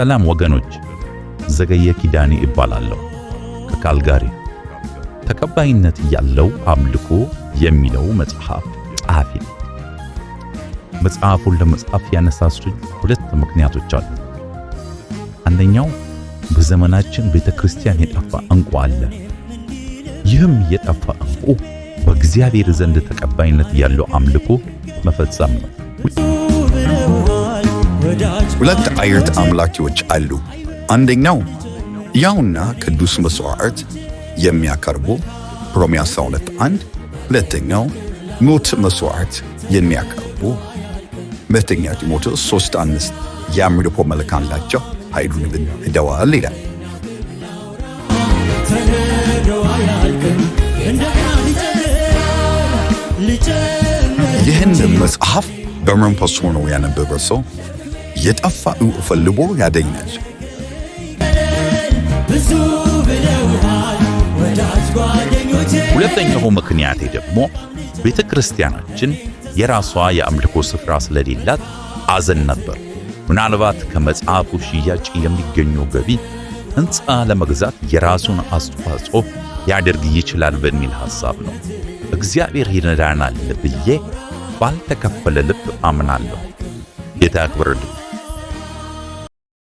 ሰላም ወገኖች፣ ዘገየ ኪዳኔ እባላለሁ ከካልጋሪ። ተቀባይነት ያለው አምልኮ የሚለው መጽሐፍ ጸሐፊ ነው። መጽሐፉን ለመጻፍ ያነሳሱኝ ሁለት ምክንያቶች አሉ። አንደኛው በዘመናችን ቤተክርስቲያን የጠፋ ዕንቁ አለ። ይህም የጠፋ እንቁ በእግዚአብሔር ዘንድ ተቀባይነት ያለው አምልኮ መፈጸም ነው። ሁለት አይነት አምላኪዎች አሉ። አንደኛው ያውና ቅዱስ መሥዋዕት የሚያቀርቡ ሮሜ 12 1፣ ሁለተኛው ሞት መሥዋዕት የሚያቀርቡ ሁለተኛ ጢሞቴዎስ 3 5 የአምልኮ መልክ አላቸው ኃይሉን ግን ይላል። ይህን መጽሐፍ በመንፈስ ሆኖ ያነበበ ሰው የጠፋ ዕውቅ ፈልጎ ያደኛል። ሁለተኛው ምክንያቴ ደግሞ ቤተ ክርስቲያናችን የራሷ የአምልኮ ስፍራ ስለሌላት አዘን ነበር። ምናልባት ከመጽሐፉ ሽያጭ የሚገኘው ገቢ ሕንፃ ለመግዛት የራሱን አስተዋጽኦ ሊያደርግ ይችላል በሚል ሐሳብ ነው። እግዚአብሔር ይረዳናል ብዬ ባልተከፈለ ልብ አምናለሁ። ጌታ ያክብርልኝ።